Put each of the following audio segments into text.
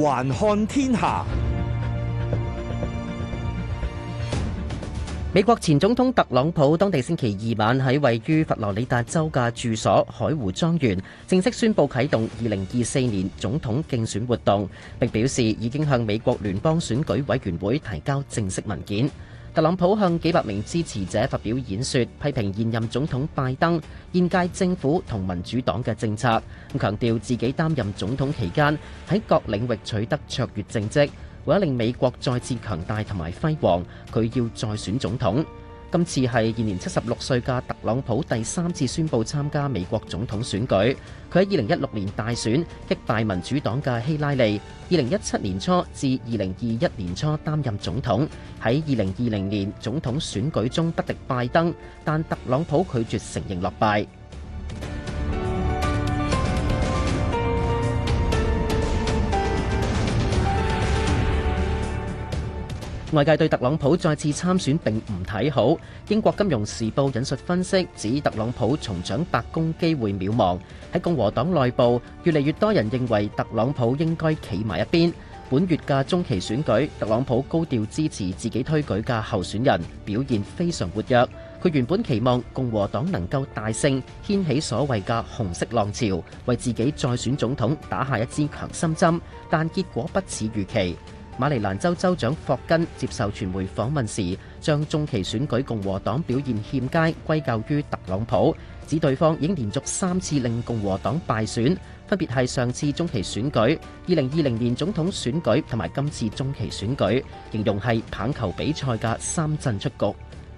環看天下。美國前總統特朗普當地星期二晚喺位於佛羅里達州嘅住所海湖莊園，正式宣布啟動二零二四年總統競選活動，並表示已經向美國聯邦選舉委員會提交正式文件。特朗普向幾百名支持者發表演說，批評現任總統拜登、現屆政府同民主黨嘅政策，強調自己擔任總統期間喺各領域取得卓越政績，為咗令美國再次強大同埋輝煌，佢要再選總統。今次係現年七十六歲嘅特朗普第三次宣佈參加美國總統選舉。佢喺二零一六年大選擊敗民主黨嘅希拉里，二零一七年初至二零二一年初擔任總統。喺二零二零年總統選舉中不敵拜登，但特朗普拒絕承認落敗。外界對特朗普再次參選並唔睇好，英國金融時報引述分析指，特朗普重掌白宮機會渺茫，喺共和黨內部越嚟越多人認為特朗普應該企埋一邊。本月嘅中期選舉，特朗普高調支持自己推舉嘅候選人表現非常活躍，佢原本期望共和黨能夠大勝，掀起所謂嘅紅色浪潮為自己再選總統打下一支強心針，但結果不似預期。馬里蘭州州長霍根，接受傳媒訪問時將中期選舉共和黨表現欠佳歸咎於特朗普，指對方已經連續三次令共和黨敗選，分別係上次中期選舉2020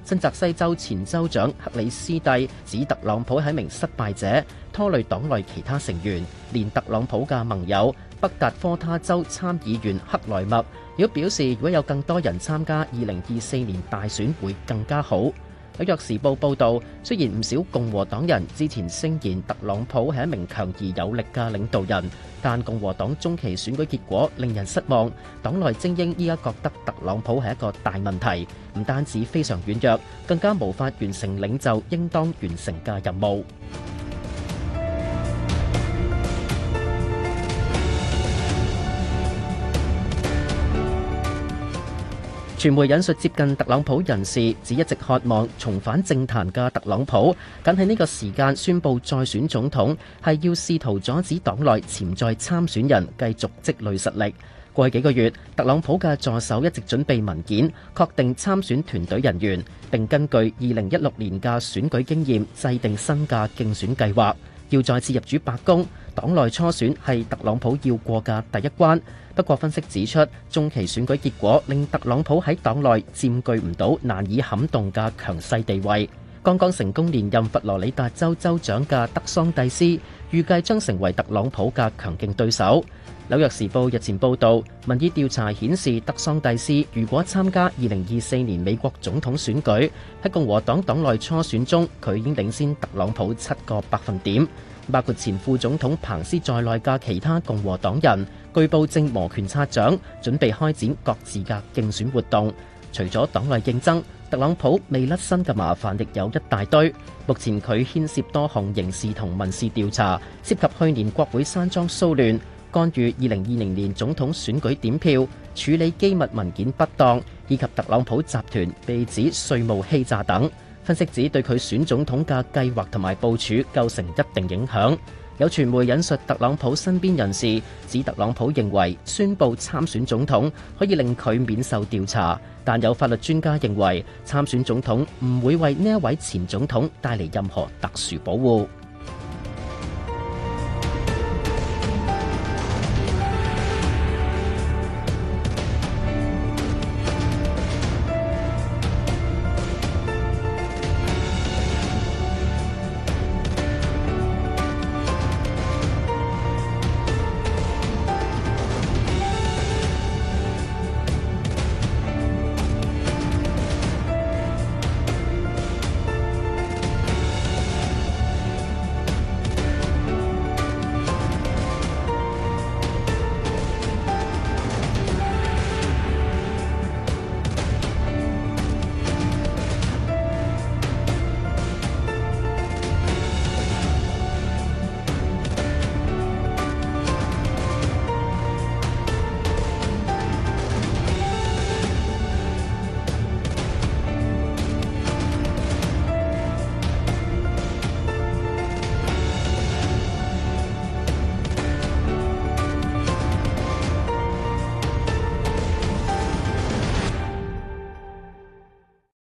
新澤西州前州長克里斯蒂指特朗普係一名失敗者，拖累黨內其他成員。連特朗普嘅盟友北達科他州參議員克萊默亦都表示，如果有更多人參加二零二四年大選，會更加好。紐約時報報道，雖然唔少共和黨人之前聲言特朗普係一名強而有力嘅領導人，但共和黨中期選舉結果令人失望，黨內精英依家覺得特朗普係一個大問題，唔單止非常軟弱，更加無法完成領袖應當完成嘅任務。傳媒引述接近特朗普人士，指一直渴望重返政壇嘅特朗普，緊喺呢個時間宣布再選總統，係要試圖阻止黨內潛在參選人繼續積累實力。過去幾個月，特朗普嘅助手一直準備文件，確定參選團隊人員，並根據2016年嘅選舉經驗，制定新嘅競選計劃要再次入主白宮，黨內初選係特朗普要過嘅第一關，不過分析指出，中期選舉結果令特朗普喺黨內佔據唔到難以撼動嘅強勢地位。剛剛成功連任佛羅里達州州長嘅德桑蒂斯，預計將成為特朗普嘅強勁對手。紐約時報日前報導，民意調查顯示，德桑蒂斯如果參加2024年特朗普未甩身嘅麻煩亦有一大堆，目前佢牽涉多項刑事同民事調查，涉及去年國會山莊騷亂、干預二零二零年總統選舉點票、處理機密文件不當，以及特朗普集團被指稅務欺詐等。分析指對佢選總統嘅計劃同埋部署構成一定影響。有傳媒引述特朗普身邊人士指，特朗普認為宣佈參選總統可以令佢免受調查，但有法律專家認為參選總統唔會為呢一位前總統帶嚟任何特殊保護。